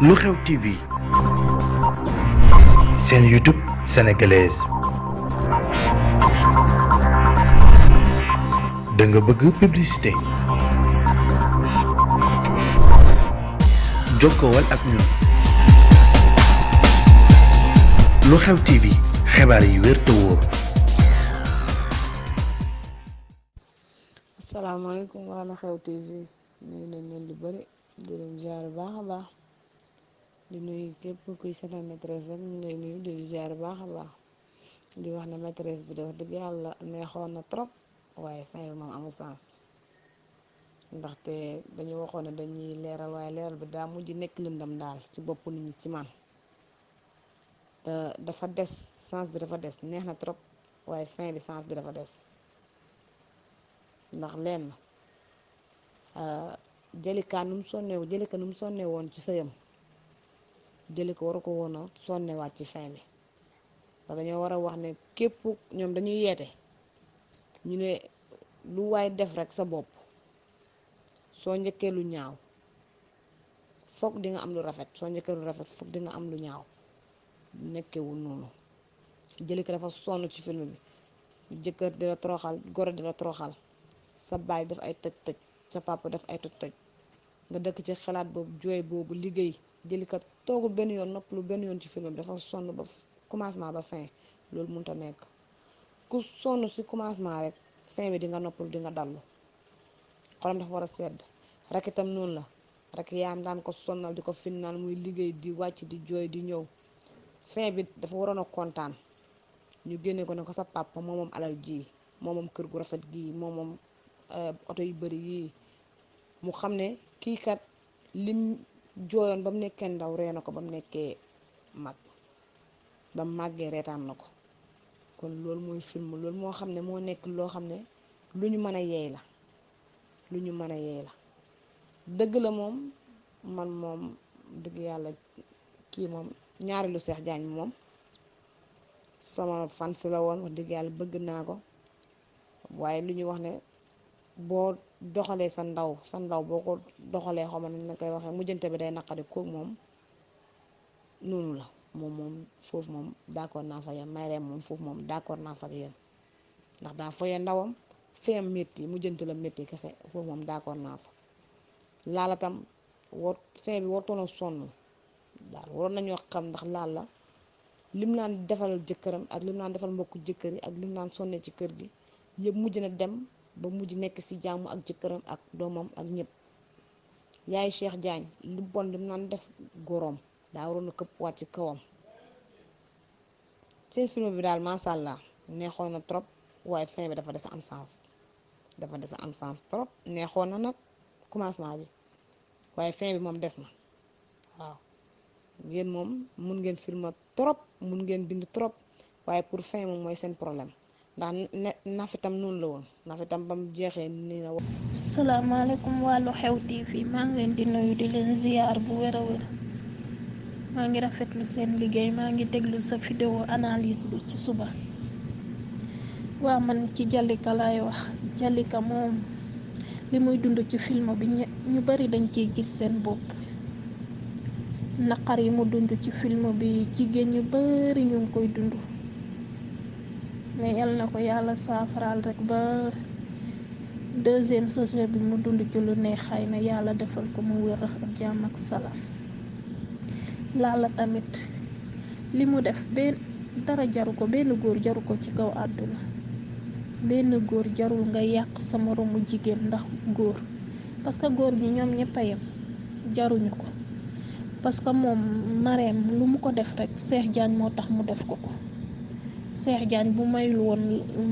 lu xew TV seen YouTube sénégalaise da bëgg publicité jokkowal ak ñun lu xew TV xibaar yi wér te wóor. asalaamaaleykum waa lu xew TV nuyu nañ leen lu di leen jaar baax a baax. di nuyu képp kuy seetaan maîtresse rek ñu lay nuyu di ziar baax a di wax na maîtresse bi dafa dëgg yàlla neexoon na trop waaye fin bi moom amul sens ndaxte dañu waxoon ne dañuy leeral waaye leeral bi daa mujj nekk lëndam daal ci bopp nit ñi ci man dafa des sens bi dafa des neex na trop waaye fin bi sens bi dafa des ndax leen lenn euh, jëlikaan nu mu sonnee jëlikaan nu mu sonnee woon ci sëyam jëli ko waru ko woon a sonnewaat ci say mi parce que war a wax ne képp ñoom dañuy yeete ñu ne lu waay def rek sa bopp soo njëkkee lu ñaaw foog di nga am lu rafet soo njëkkee lu rafet foog di am lu ñaaw nekkewul noonu jëli ko dafa sonn ci film bi jëkkër dina toroxal goro dina toroxal sa baay def ay tëj tëj sa papa def ay tëj tëj nga dëkk ci xalaat boobu jooy boobu liggéey jëlikat toogul benn yoon noppalu benn yoon ci filmam dafa sonn ba commencement ba fin loolu mun a nekk ku sonn si commencement rek fin bi di di nga dallu xolam dafa war a sedd rek itam noonu la rek yaam daan ko sonnal di ko finnaal muy liggéey di wàcc di jooy di ñëw fin bi dafa waroon a kontaan ñu génne ko ne ko sa papa moomoom alal ji moomoom kër gu rafet gi moomoom euh, oto yu bëri yii mu xam ne kii kat lim jooyoon ba mu nekkee ndaw ree na ko ba mu nekkee mag ba màggee reetaan na ko kon loolu mooy film loolu moo xam ne moo nekk loo xam ne lu ñu mën a yeey la lu ñu mën a yeey la dëgg la moom man moom dëgg yàlla kii moom ñaari lu seex jaañ moom sama fan si la woon wax dëgg yàlla bëgg naa ko waaye lu ñu wax ne boo doxalee sa ndaw sa ndaw boo ko doxalee xaw ma nañ koy waxee mujjante bi day naqari koog moom noonu la moom moom foofu moom d'accord naa fa yéen may reem moom foofu moom d'accord naa fa yéen ndax daa ndawam feem métti mujjante la métti kese foofu moom d'accord naa fa laala tam war fin bi wartoon sonn daal waroon nañoo xam ndax laal la lim naan defalal jëkkëram ak lim naan defal mbokku jëkkër yi ak lim naan sonne ci kër gi yëpp mujj na dem. ba mujj nekk ci jàmm ak jëkkëram ak doomam ak ñëpp yaay Cheikh Diagne lu bon lim naan def goroom daa waroon na këpp waat ci kawam seen film bi daal macha allah neexoon na trop waaye fin bi dafa des am dafa des am sens trop neexoon na nag commencement bi waaye fin bi moom des na waaw ngeen moom mun ngeen film trop mun ngeen bind trop waaye pour fin moom mooy seen problème. ndax ne nafitam noonu la woon nafitam ba mu jeexee nii la. salaamaaleykum waa Lu Xew TV maa ngi leen di nuyu di leen ziyaar bu wér wér maa ngi rafetlu seen liggéey maa ngi déglu sa vidéo analyse bi ci suba waa man ci Jalika laay wax Jalika moom li muy dund ci film bi ñu bari dañ ciy gis seen bopp naqar yi mu dund ci film bi jigéen ñu bari ñu koy dund. mais yal na ko yàlla saafaraal rek ba deuxième société bi mu dund ci lu ne xëy na yàlla defal ko mu wér ak jàmm ak salaam laala tamit li mu def benn dara jaru ko benn góor jaru ko ci kaw àdduna benn góor jarul nga yàq sa moromu jigéen ndax góor parce que góor ñi ñoom ñëpp a jaruñu ko parce que moom mareem lu mu ko def rek Cheikh Diagne moo tax mu def ko ko Cheikh Diagne bu mayul woon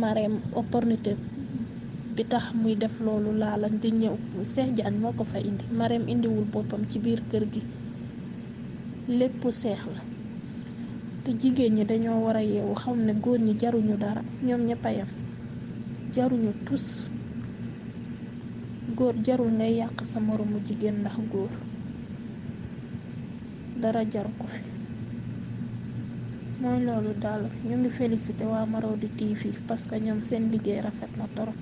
Marème opornité bi tax muy def loolu laalan di ñëw Cheikh Diagne moo ko fa indi Marème indiwul boppam ci biir kër gi lépp Cheikh la te jigéen ñi dañoo war a yeewu xam ne góor ñi jaruñu dara ñoom ñëpp yem jaruñu tus góor jarul ngay yàq sa moromu jigéen ndax góor dara jaru ko fi mooy loolu daal ñu ngi félicité waa Marodi TV parce que ñoom seen liggéey rafet na torop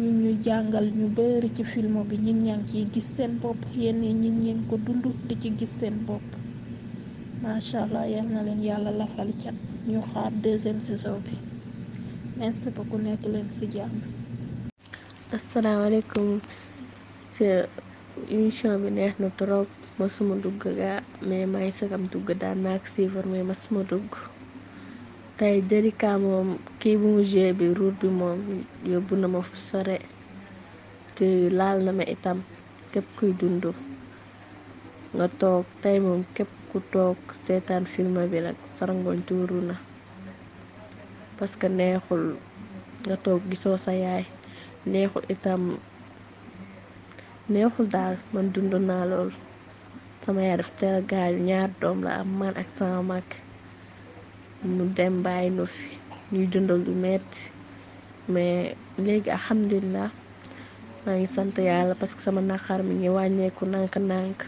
ñu ñuy jàngal ñu bari ci film bi ñun ñaa ngi ciy gis seen bopp yenn ñun ñi ko dund di ci gis seen bopp macha allah yal leen yàlla lafal ca ñu xaar deuxième saison bi merci beaucoup nekk leen ci jàmm. asalaamaaleykum. émission bi neex na trop suma dugg gaa mais may sagam dugg daan naa ko suivre mais masuma dugg tey jërika moom kii bu mu joué bi ruur bi moom yóbbu na ma fu sore te laal na ma itam képp kuy dund nga toog képp ku toog seetaan film bi rek sarangoñ tuuru na parce que neexul nga toog gisoo sa yaay neexul itam neexul daal man dund naa lool sama yaay daf teel gaayu ñaar doom la am man ak sama mag mu dem bàyyi nu fi ñuy dundal lu metti mais léegi alhamdulilah maa ngi sant yàlla parce que sama naqar mi ngi wàññeeku nànk-nànk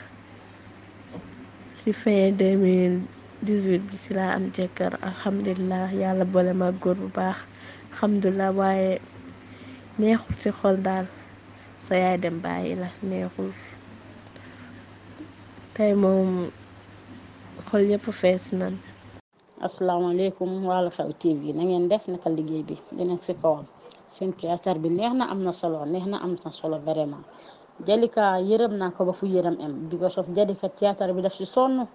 ci fin 2018 bi ci laa am jëkkër alhamdulilah yàlla boole ma góor bu baax alhamdulilah waaye neexul ci xol daal sa yaay dem bàyyi la neexul tey moom xol yëpp fees nan asalaamaaleykum wàllu xew TV na ngeen def naka liggéey bi dina si kawam seen théâtre bi neex na am na solo neex na am na solo vraiment Jalika yërëm naa ko ba fu yërëm am because of Jalika théâtre bi def si sonn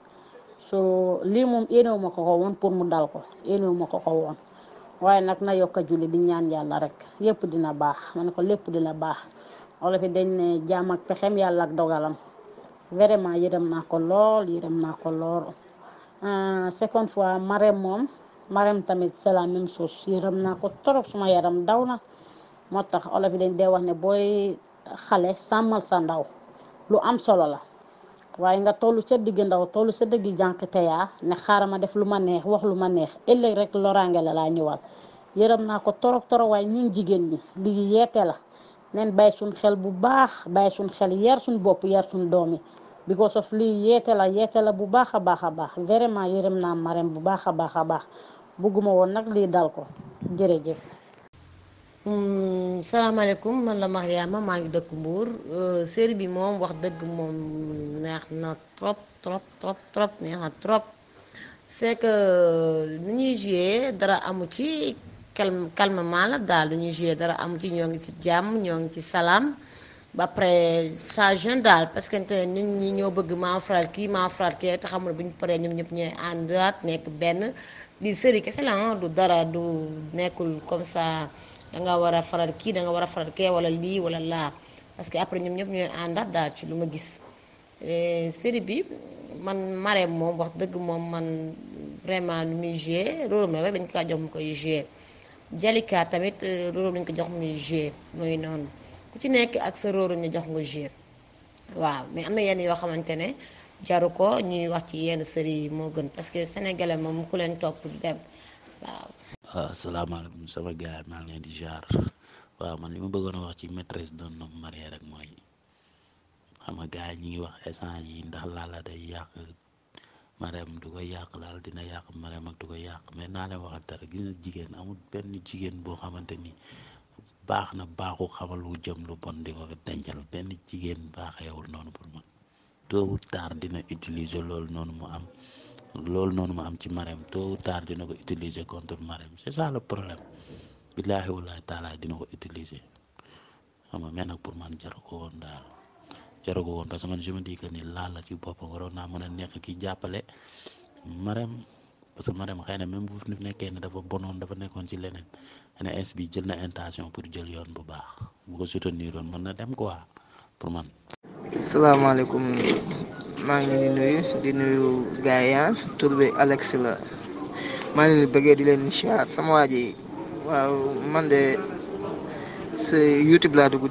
so lii moom yéenewu ma ko ko woon pour mu dal ko yéenewu ko ko woon waaye nag na yokk a julli di ñaan yàlla rek yëpp dina baax ma ko lépp dina baax olof yi dañ ne jaam pexem yàlla ak dogalam vraiment yërëm naa ko lool yërëm naa ko lool euh, seconde fois Marème moom Marème tamit c'est la même chose yërëm naa ko trop suma yaram daw na moo tax olof yi dañ dee wax ne booy xale sàmmal sa ndaw lu am solo la waaye nga toll ca digg ndaw toll sa dëgg jànq te yaa ne xaaral ma def lu ma neex wax lu ma neex ëllëg rek loraange la laa ñëwal yërëm naa ko torop torop waaye ñun jigéen ñi lii yeete la neen bàyyi suñ xel bu baax bàyyi suñ xel yar suñ bopp yar suñ doom yi because of lii yeete la yeete la bu baax a baax a baax vraiment yërëm naa Marème bu baax a baax a baax bëgguma woon nag lii dal ko jërëjëf hmm, salaamaaleykum man la Mariama maa ngi dëkk Mbour euh, série bi moom wax dëgg moom neex na trop trop trop neex na trop c'est que euh, ni ñuy joué dara amu ci calme calmement la daal du ñu joué dara am ci ñoo ngi ci jàmm ñoo ngi ci salaam ba pare ça jeune daal parce que nit ñi ñoo bëgg maa faral kii maa faral kii te xamul bu ñu paree ñoom ñëpp ñooy àndaat nekk benn lii série kese la ah, du dara du nekkul comme sa danga war a faral kii da nga war a faral kee wala lii wala laa parce que après ñoom ñëpp ñooy àndaat daal ci lu ma gis série bi man Marème moom wax dëgg moom man vraiment lu muy joué rôle na rek dañ ko jox Jalika tamit euh, loolu lañ ko jox muy joué mooy noonu ku ci nekk ak sa rôle ñu jox nga joué waaw mais am na yenn yoo xamante ne jaru ko ñuy wax ci yenn série yi moo gën parce que sénégalais moom ku leen topp du dem waaw. waaw ah, salaamaaleykum sama gars maa ngi leen di jaar waaw man li mu bëggoon wax ci maîtresse d'un homme marié rek mooy xam nga yi ñu ngi wax échange yi ndax Lala day yàq. mareem du koy yàq daal dina yàq mareem ak du koy yàq mais naa leen waxal tara gis na jigéen amul benn jigéen boo xamante ni baax na baaxu xamal lu jëm lu bon di ko dencal benn jigéen baaxeewul noonu pour man tôt dina utiliser loolu noonu mu am loolu noonu mu am ci mareem tôt ou dina ko utiliser contre mareem c'est ça le problème billaahi wallaahi taalaa dina ko utilise xam nga nag pour man jaru ko woon daal. jarugo woon parce que man je me dis que ni Lalla ci boppam waroon naa mën a nekk ki jàppale Marème parce que Marème xëy na même bu nekkee ne dafa bonoon dafa nekkoon ci leneen NS bi jël na intention pour jël yoon bu baax bu ko soutenir woon mën na dem quoi pour man. salaamaaleykum maa ngi leen di nuyu di nuyu gars yi ah, tur la maa ngi leen bëggee di leen siyaar sama waa ji waaw man de sa YouTube laa dugg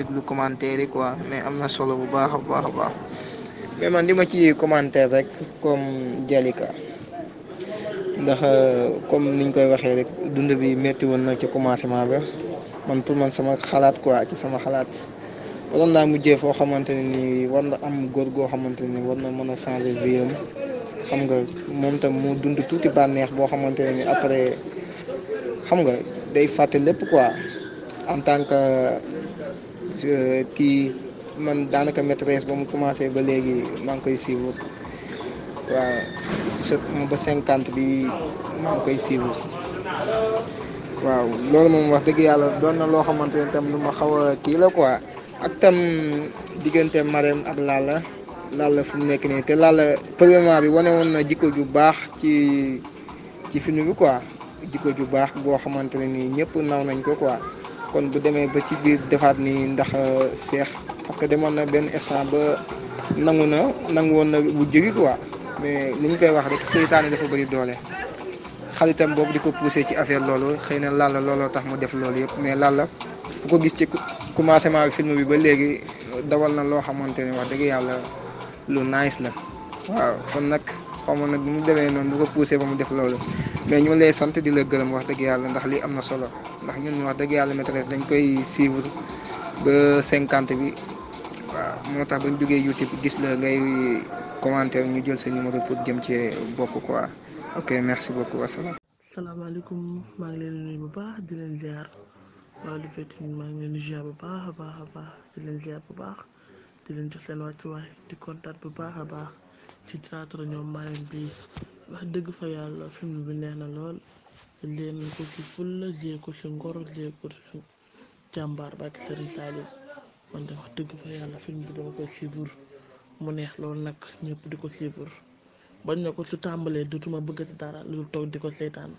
déglu commentaire yi quoi mais am na solo bu baax a baax a man di ma ci commentaire rek comme Jalika ndax euh, comme niñ koy waxee rek dund bi métti woon na ci commencement ba man pour man sama xalaat quoi ci sama xalaat waroon naa mujjee foo xamante ne nii war na am góor goo xamante ne war na mën a changer vie am xam nga moom tam mu dund tuuti bànneex boo xamante ne ni après xam nga day fàtte lépp quoi en tant que kii man daanaka maîtresse ba mu commencé ba léegi maa ngi koy suivre waaw chaque ba cinquante bi maa ngi koy suivre waaw loolu moom wax dëgg yàlla doon na loo xamante ne tam lu ma xaw kii la quoi ak tam diggante Marème ak Lalla Lalla fu mu nekk nii te Lalla premièrement bi wane woon na jikko ju baax ci ci film bi quoi jikko ju baax boo xamante ne nii ñëpp naw nañ ko quoi. kon bu demee ba ci biir defaat ni ndax euh, seex parce que demoon na benn instant ba nangu na nangu woon na bu jógi quoi mais ni ñu koy wax rek seytaane dafa bëri doole xaritam boobu di ko poussé ci affaire loolu xëy na Lalla looloo tax mu def loolu yëpp mais Lalla bu ko gis ci commencement bi film bi ba léegi dawal na loo xamante ne wax dëgg yàlla lu nice la waaw kon nag xaw ma nag mu demee noonu bu ko poussé ba mu def loolu mais ñu lay sant di la gërëm wax dëgg yàlla ndax lii am na solo ndax ñun wax dëgg yàlla maîtresse dañ koy suivre ba cinquante bi waaw moo tax bañ duggee YouTube gis la ngay commentaire ñu jël sa numéro pour jëm ci bokk quoi ok merci beaucoup wasalaam. salaamaaleykum maa ngi leen di bu baax di leen ziar waaw di fekk maa ngi leen di ziar bu baax a baax a baax di leen ziar bu baax di leen jox seen wàccuwaay di kontaan bu baax a baax. ci théâtre ñoom Marème bi wax dëgg fa yàlla film bi neex na lool leen ko ci fulla jée ko ci ngor jée ko ci jàmbaar ba ak Serigne Saliou man de wax dëgg fa yàlla film bi dama koy suivre mu neex lool nag ñëpp di ko suivre bañ na ko su tàmbalee dootuma bëggati dara lu toog di ko seetaan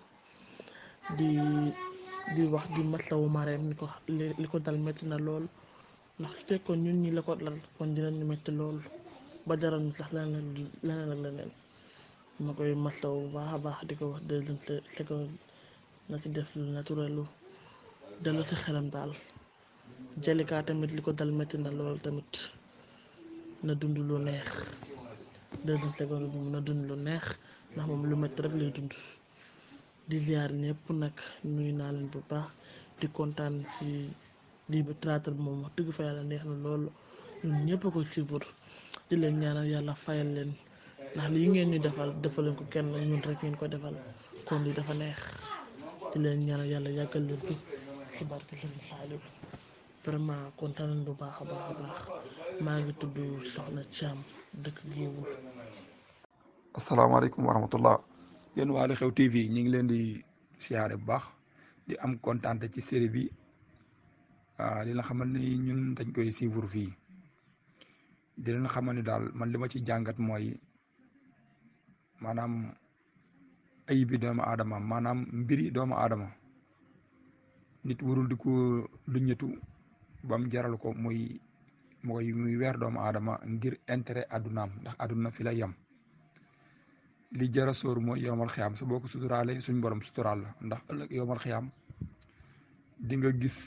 di di wax di masawu Marème ni ko li ko dal metti na lool ndax su kon ñun ñi la ko dal kon dinañu metti lool. ba dara ñu sax leneen leneen ak leneen ma koy maslaw bu baax a baax di ko wax deuxième seconde na ci def lu naturel lu dellu si xelam daal Jalika tamit li ko dal métti na lool tamit na dund lu neex deuxième seconde moom na dund lu neex ndax moom lu métti rek lay dund di ziar ñëpp nag nuyu naan leen bu baax di kontaan si lii bu traiteur bi moom wax dëgg fa yàlla neex na lool ñun ñëpp ko suivre. ci leen ñaanal yàlla fayal leen ndax lii ngeen ñu defal defal ko kenn ñun rek ngeen ko defal kon li dafa neex leen ñaanal yàlla yàggal leen fi si barke Serigne vraiment kontaan bu baax a baax a baax maa ngi tudd Soxna Thiam dëkk Géewul. asalaamaaleykum wa rahmatullah yéen waa Lu Xew TV ñu ngi leen di siyaare bu baax di am kontaan ci série bi di ah, la xamal ni ñun dañ koy suivre fii. di leen xamal ni daal man li ma ci jàngat mooy maanaam ayibi doomu aadama maanaam mbiri doomu aadama nit warul di ko lu ñëtu bam jaral ko muy mooy muy weer doomu aadama ngir intérêt àddunaam ndax àdduna fi la yem li jara sóor mooy yowmal xiyaam sa boo ko suturaale suñ borom suturaal la ndax ëllëg yowmal xiyaam di nga gis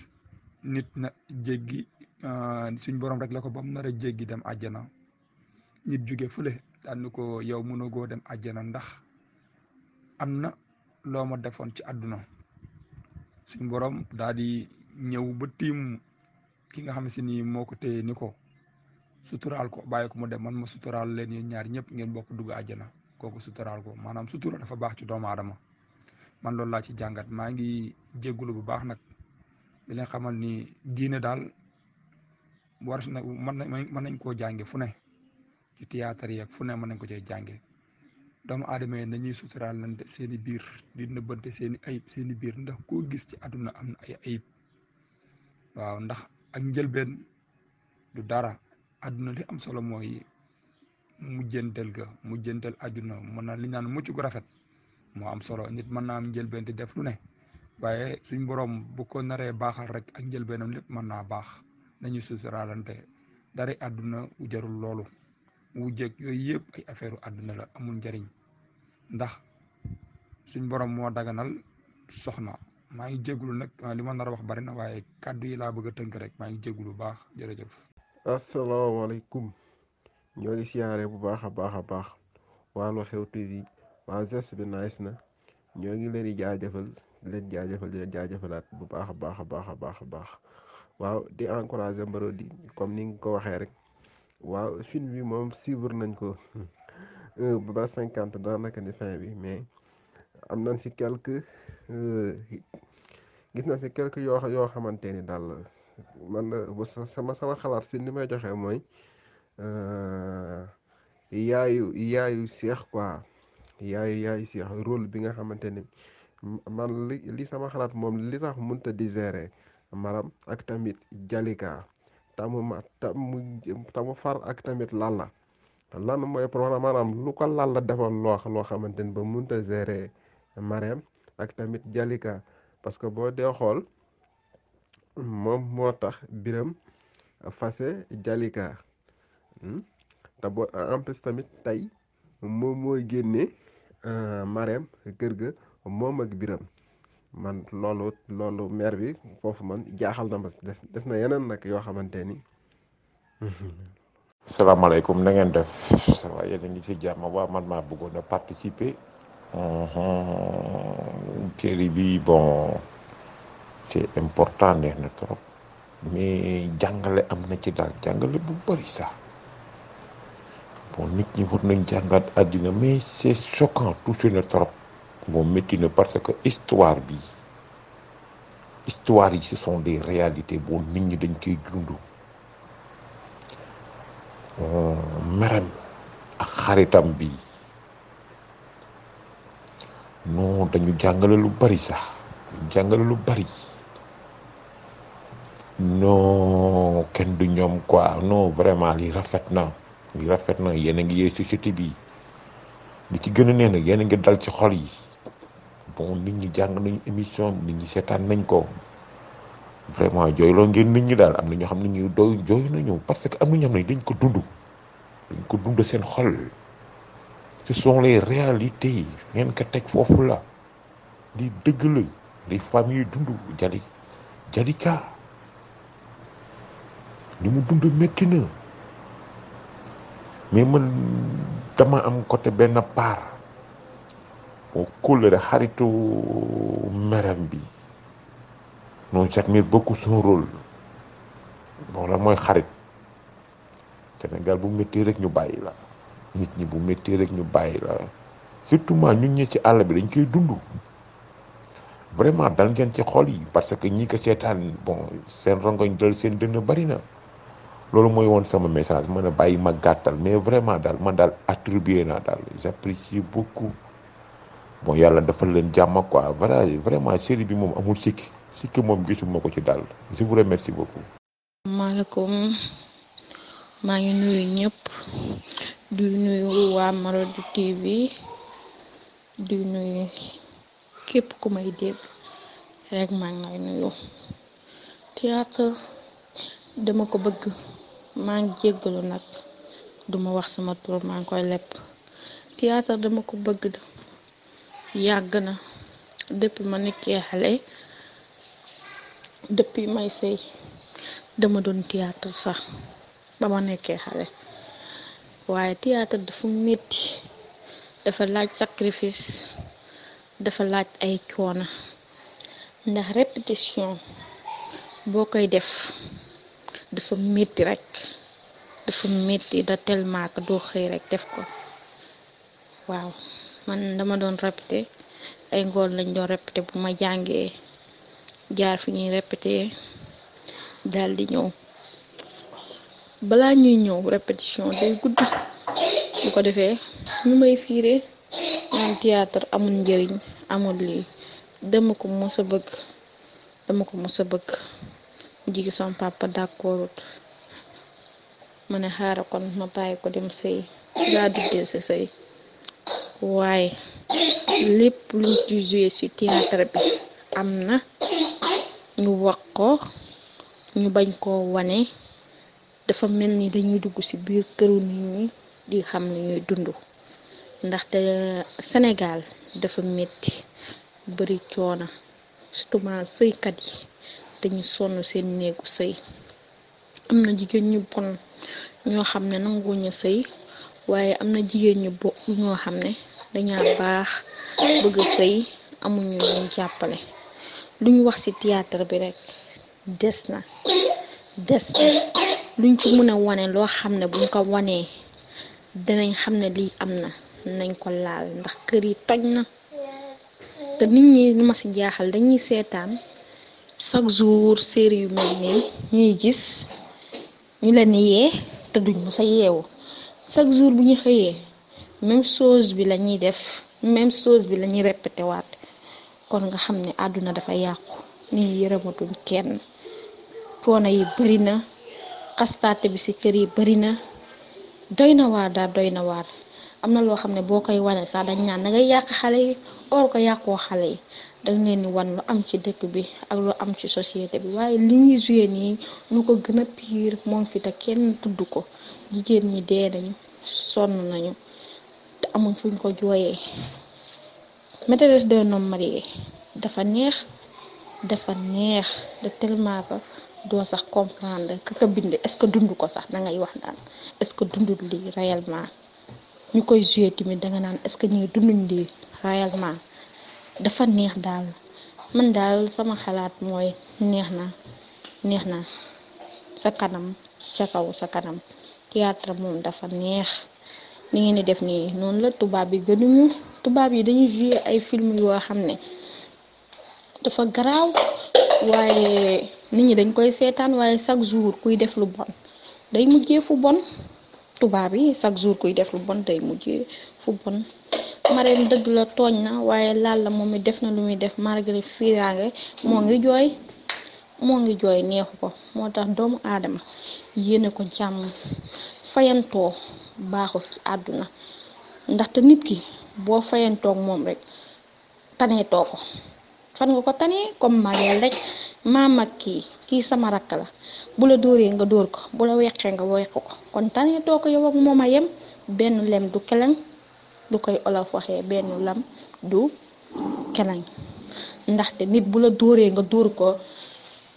nit na jéggi Ah, suñ borom rek la ko ba mu nar a jéggi dem àjjana nit jóge fule daan ko yow mënagoo dem àjjana ndax am na loo ma defoon ci àdduna suñ borom daal di ñëw ba tiim ki nga xam si ni moo ko téye ni ko suturaal ko bàyyi mu dem man ma suturaal leen yéen ñaar ñëpp ngeen bokk dugg àjjana kooku suturaal ko maanaam sutura dafa baax ci doomu adama man loolu laa ci jàngat maa ngi bu baax nag di leen xamal ni diine daal war man mën nañ mën nañ koo jànge fu ne ci théâtre yeeg fu ne mën nañ ko cee jànge doomu aadama yi nañuy suturaal lan seen i biir di nëbbante seen i ayib seen biir ndax koo gis ci àdduna am na ay ayib waaw ndax ak njëlbeen du dara àdduna li am solo mooy mujjantal ga mujjantal àdduna mën na li naan mucc gu rafet moo am solo nit mën naa am njëlbeen di def lu ne waaye suñ borom bu ko naree baaxal rek ak njëlbeenam lépp mën naa baax nañu suturaalante dara àdduna wu jarul loolu wujjëg yooyu yëpp ay affaire àdduna la amul njariñ ndax suñ borom moo daganal soxna maa ngi jéglu nag ah, li ma nar wax bari na waaye kàddu yi laa bëgg a tënk rek maa ngi jéglu bu baax jërëjëf asalaamaaleykum ñoo ngi siyaare bu baax a baax a baax waa Lu Xew TV waa gest bi nice na ñoo ngi leen di jaajëfal leen jaajëfal leen jaajëfalaat bu baax a baax a baax a baax a baax waaw di encourager Mbaro di comme ni nga ko waxee rek waaw chute bi moom suivre nañ ko hmm. euh, ba cinquante daanaka ni fin bi mais am nañ si quelques euh, gis nañ si quelques yoo yoo xamante ni daal man sama sama xalaat si ni may joxe mooy euh, yaayu yaayu seex quoi yaayu yaayu seex role bi nga xamante ni man li li sama xalaat moom li tax mënut a digérer maram ak tamit Jalika tamu ma tamu far ak tamit Lalla lan mooy problème maanaam lu ko Lalla defal loo loo xamante ni ba mënut a gérer ak tamit Jalika parce que boo dee xool moom moo tax biram fase Jalika hmm? te boo en tamit tey moom mooy génne euh, Marème kër ga moom ak biram man loolu loolu meer bi foofu man jaaxal na ma des des na yeneen nag yoo xamante ni. salaamaaleykum na ngeen def waaye yéen a ngi ci man maa bëggoon a participer. série uh-huh. bi bon c'est important neex na trop mais jàngale am na ci daal jàngale bu bari sax bon nit ñi war nañ jàngaat àddina mais c'est choquant touché na trop. moom métti na parce que histoire bi histoire yi ce sont des réalités boo nit ñi dañ koy dund euh, merem ak xaritam bi non dañu jàngale lu bari sax dañu jàngale lu bari non kenn du ñoom quoi no vraiment li rafet na li rafet na yéen a ngi yee société bi li ci gën a nee nag yéen a ngi dal ci xol yi bon nit ñi jàng nañu émission nit ñi seetaan nañ ko vraiment jooyloo ngeen nit ñi daal am na ñoo xam ne ñu doy jooy nañu parce que am na ñoo xam ne ko dund dañ ko dund seen xol ce sont les réalités yi ngeen ko teg foofu la di dëgg la les familles dund jali jalika ni mu dund métti na mais man dama am côté benn paar kóllëre xaritu meram bi nous j'admire beaucoup son rôle bon la mooy xarit Sénégal bu métti rek ñu bàyyi la nit ñi bu métti rek ñu bàyyi la surtout ma ñun ñi ci àll bi dañ koy dund vraiment dal ngeen ci xool yi parce que ñi ko seetaan bon seen rongoñ dal seen dënn bari na loolu mooy woon sama message mën a bàyyi ma gàttal mais vraiment daal man daal attribué naa daal j'apprécie beaucoup bon yàlla dafa leen jàmm quoi voilà vraiment série bi moom amul sikki sikki moom gisuma ko ci daal je vous remercie beaucoup. maaleykum maa ngi nuyu ñëpp du nuyu waa Marodi TV du nuyu képp ku may dégg rek maa ngi lay nuyu. théâtre dama ko bëgg maa ngi jéggalu nag duma wax sama tur maa ngi koy lepp théâtre dama ko bëgg. yàgg na depuis ma nekkee xale depuis may sëy dama doon théâtre sax ba ma nekkee xale waaye théâtre dafa metti dafa laaj sacrifice dafa laaj ay coona ndax répétition boo koy def dafa metti rek dafa metti da tellement que doo xëy rek def ko waaw man dama doon répété ay ngoon lañ doon répété bu ma jàngee jaar fi ñuy répété daal di ñëw balaa ñuy ñëw répétition day gudd bu ko defee ñu may fiire naan théâtre amul njëriñ amul lii dama ko mos bëgg dama ko mos a bëgg mu jigi sama papa d'accordut ma ne xaaral kon ma bàyyi ko dem sëy daa duggee si sëy waaye lépp luñ ci ci théâtre bi am na ñu wax ko ñu bañ koo wane dafa mel ni dañuy dugg ci biir këru nit ñi di xam li ñuy dund ndaxte Sénégal dafa metti bari coona surtout sëykat yi dañu sonn seen néegu sëy am na jigéen ñu bon ñoo xam ne nanguwuñu sëy waaye am na jigéen ñu bo ñoo xam ne dañaa baax bëgg sëy amuñu ñu jàppale luñ wax ci théâtre bi rekk des na des luñ ci mën a wane loo xam ne buñ ko wanee danañ xam ne lii am na nañ ko laal ndax kër yi toj na te nit ñi nu ma ci jaaxal dañuy seetaan chaque jour série yu mel nii ñuy gis ñu leen yee te duñ mës yeewu chaque jour bu ñu xëyee même chose bi lañuy def même chose bi la ñuy répété waat kon nga xam ne àdduna dafa yàqu nit ñi yërëmatuñ kenn coono yi bari na xastaate bi ci kër yi bari na doy na waar daal doy na waar am na loo xam ne boo koy wanee sax dañ ñaan da ngay yàq xale yi or ko yàqoo xale yi dañ leen wan lu am ci dëkk bi ak lu am ci société bi waaye li ñuy joué nii lu ko gën a pire moom fi te kenn tudd ko jigéen ñi dee nañu sonn nañu te amuñ fuñ ko jooyee maîtresse de homme marié dafa neex dafa neex de tellement que doo sax comprendre ka ka bind est-ce que dund ko sax da ngay wax naan est-ce que dundul lii réellement ñu koy joué tamit da nga naan est-ce que ñi dunduñ lii réellement dafa neex daal man daal sama xalaat mooy neex na neex na sa kanam ca kaw sa kanam. théâtre moom dafa neex ni ngeen di def nii noonu la tubaab yi gënuñu tubaab yi dañuy jouer ay film yoo xam ne dafa garaaw waaye nit ñi dañ koy seetaan waaye chaque jour kuy def lu bon day mujjee fu bon tubaab yi chaque jour kuy def lu bon day mujjee dëgg la tooñ na waaye laal la moom it def na lu muy def malgré fiiraange moo ngi jooy moo ngi jooy neexu ko moo tax doomu aadama yéene ko jàmm fayantoo baaxul ci àdduna ndaxte nit ki boo fayantoog moom rek taneetoo ko fan nga ko tanee comme mageel rek maa kii kii sama rakk la bu la dóoree nga dóor ko bu la weqee nga weq ko kon taneetoo ko yow ak moom a yem benn lem du keleng du koy olof waxee benn lam du keleng ndaxte nit bu la dóoree nga dóor ko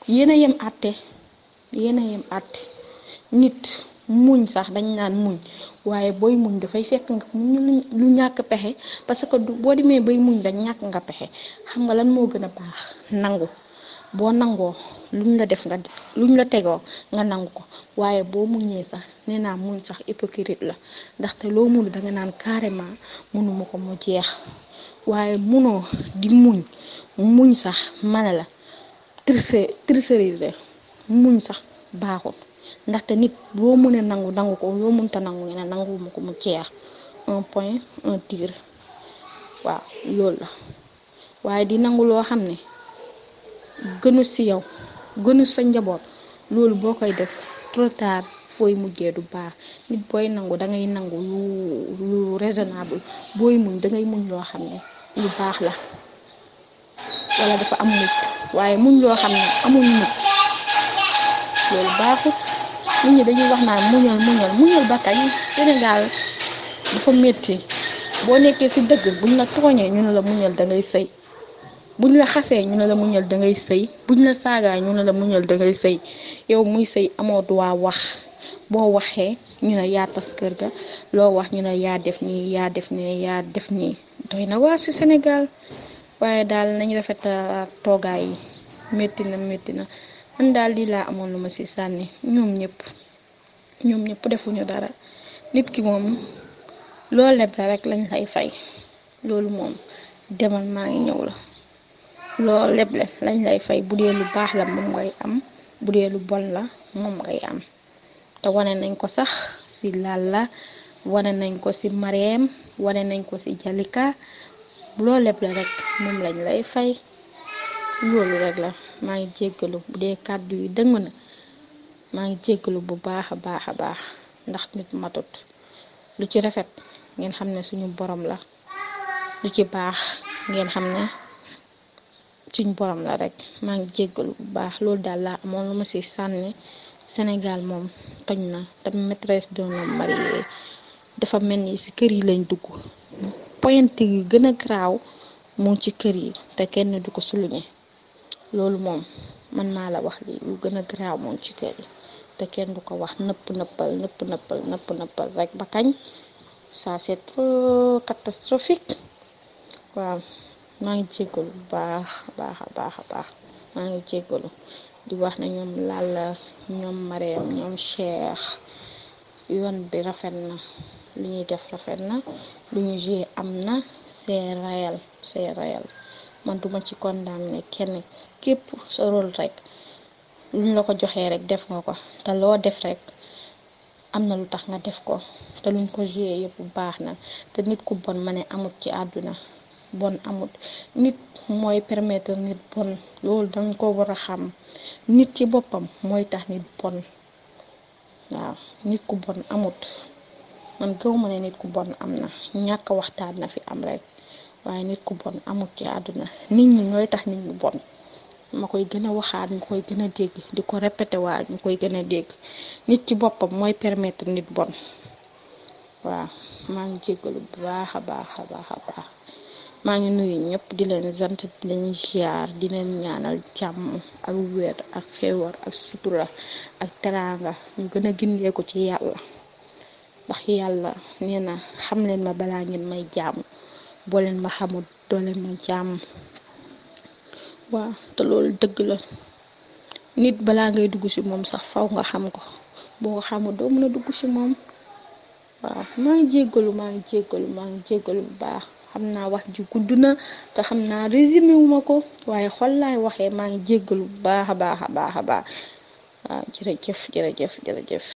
yéen a yem àtte yéen a yem àtte nit muñ sax dañ naan muñ waaye booy muñ dafay fekk nga muñ lu ñàkk pexe parce que du boo demee bay muñ dañ ñàkk nga pexe xam nga lan moo gën a baax nangu boo nangoo luñ la def nga luñ la tegoo nga nangu ko waaye boo muñee sax nee naa muñ sax hypocrite la ndaxte loo mënu danga naan carrément mënuma ko mu jeex waaye munoo di muñ muñ sax mane la tricherie la muñ sax baaxul ndaxte nit boo mënee nangu nangu ko loo te nangu nga ne nanguwuma ko mu ceex un point un tir waaw loolu la waaye di nangu loo xam ne gënu si yow gënu sa njaboot loolu boo koy def trop tard fooy mujjee du baax nit booy nangu dangay nangu lu lu booy muñ da ngay muñ loo xam ne lu baax la wala dafa am nit waaye muñ loo xam ne amul nit. loolu baaxut nit ñi dañuy wax naan muñal muñal muñal ba kañ Sénégal dafa metti boo nekkee ci dëgg buñ la tooñee ñu la muñal dangay ngay sëy buñ la xasee ñu ne la muñal da sëy buñ la saagaa ñu ne la muñal dangay ngay sëy yow muy sëy amoo droit wax boo waxee ñu ne yaa tas kër ga loo wax ñu ne yaa def nii yaa def nii yaa def nii doy na waa ci Sénégal waaye daal nañ rafeta toogaay yi métti na metti na man daal di laa amoon lu ma ci sànni ñoom ñëpp ñoom ñëpp defuñu dara nit ki moom loolu leb la rek lañ lay fay loolu moom demal maa ngi ñëw la loolu leb la lañ lay fay bu dee lu baax la moom ngay am bu dee lu bon la moom ngay am te wane nañ ko sax ci Lalla wane nañ ko ci Marème wane nañ ko ci Jalika loo leb la rek moom lañ lay fay loolu rek la. maa ngi jéggalu bu dee kàddu yi dëng na maa ngi jéggalu bu baax a baax a baax ndax nit matut lu ci rafet ngeen xam ne suñu borom la lu ci baax ngeen xam ne suñu borom la rek maa ngi jéggalu bu baax loolu daal laa amoon lu ma si sànni Sénégal moom toj na te maîtresse d'un homme dafa mel ni si kër yi lañ dugg point yu gën a garaaw mu ngi ci kër yi te kenn du ko souligner loolu moom man maa la wax lii lu gën a garaaw moom ci kër te kenn du ko wax nëpp nëppal nëpp nëppal nëpp nëppal rek ba kañ ça c'est trop catastrophique waaw maa ngi jéggalu bu baax baax a baax a baax maa ngi jéggalu di wax ne ñoom Lalla ñoom Marème ñoom Cheikh yoon bi rafet na li ñuy def rafet na lu ñu joué am na c'est réel c'est réel man duma ci kon ne kenn képp sa rôle rek luñ la ko joxee rek def nga ko te loo def rek am na lu tax nga def ko te luñ ko joué yëpp baax na te nit ku bon ma ne amut ci àdduna bon amut nit mooy permettre nit bon loolu dañ ko war a xam nit ci boppam mooy tax nit bon waaw nit ku bon amut man gëw ma ne nit ku bon am na ñàkk waxtaan na fi am rek waaye nit ku bon amul ci àdduna nit ñi ñooy tax nit ñu bon ma koy gën a waxaat ñu koy gën a dégg di ko répété waa ñu koy gën dégg nit ci boppam mooy permettre nit bon waaw maa ngi jéggalu bu baax a baax a baax a baax maa ngi nuyu ñëpp di leen sant di leen di leen ñaanal jàmm ak wér ak xéewar ak sutura ak teraanga ñu gën a gindeeku ci yàlla ndax yàlla nee xam leen ma balaa ngeen may jàmm booleen leen ma xamul doo leen ma jàmm waaw te loolu dëgg la nit balaa ngay dugg ci moom sax faw nga xam ko boo ko doom doo mën dugg ci moom waaw maa ngi jéggalu maa ngi jéggalu maa ngi jéggalu bu baax xam naa wax ji gudd na te xam naa résumé wu ko waaye xol laay waxee maa ngi jéggalu bu baax a baax a baax a baax waaw jërëjëf jërëjëf jërëjëf